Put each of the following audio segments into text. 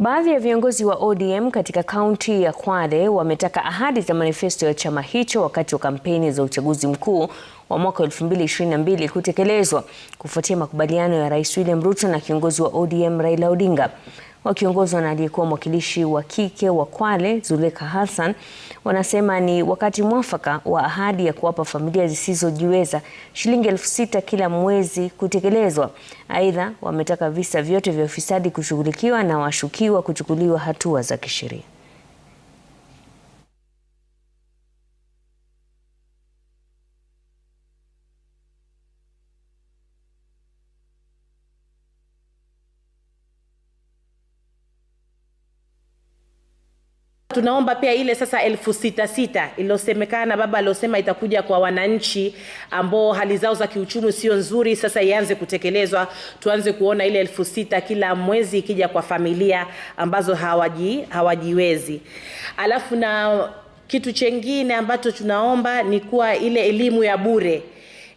Baadhi ya viongozi wa ODM katika kaunti ya Kwale wametaka ahadi za manifesto ya chama hicho wakati wa kampeni za uchaguzi mkuu wa mwaka 2022 kutekelezwa kufuatia makubaliano ya Rais William Ruto na kiongozi wa ODM Raila Odinga wakiongozwa na aliyekuwa mwakilishi wa kike wa Kwale Zuleka Hassan wanasema ni wakati mwafaka wa ahadi ya kuwapa familia zisizojiweza shilingi elfu sita kila mwezi kutekelezwa. Aidha, wametaka visa vyote vya ufisadi kushughulikiwa na washukiwa kuchukuliwa hatua za kisheria. tunaomba pia ile sasa elfu sita sita iliyosemekana baba aliosema itakuja kwa wananchi ambao hali zao za kiuchumi sio nzuri, sasa ianze kutekelezwa, tuanze kuona ile elfu sita kila mwezi ikija kwa familia ambazo hawaji hawajiwezi. Alafu na kitu chengine ambacho tunaomba ni kuwa ile elimu ya bure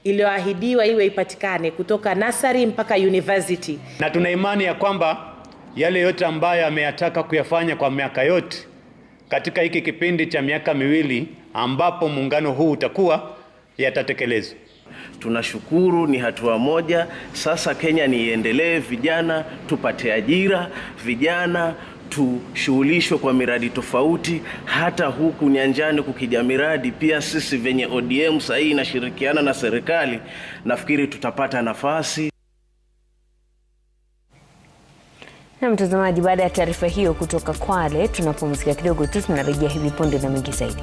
iliyoahidiwa iwe ipatikane kutoka nasari mpaka university, na tuna imani ya kwamba yale yote ambayo ameyataka kuyafanya kwa miaka yote katika hiki kipindi cha miaka miwili ambapo muungano huu utakuwa yatatekelezwa. Tunashukuru, ni hatua moja. Sasa Kenya ni iendelee, vijana tupate ajira, vijana tushughulishwe kwa miradi tofauti. Hata huku nyanjani kukija miradi pia, sisi venye ODM sahii inashirikiana na serikali, nafikiri tutapata nafasi. Na mtazamaji, baada ya taarifa hiyo kutoka Kwale, tunapumzika kidogo tu, tunarejea hivi punde na mengi zaidi.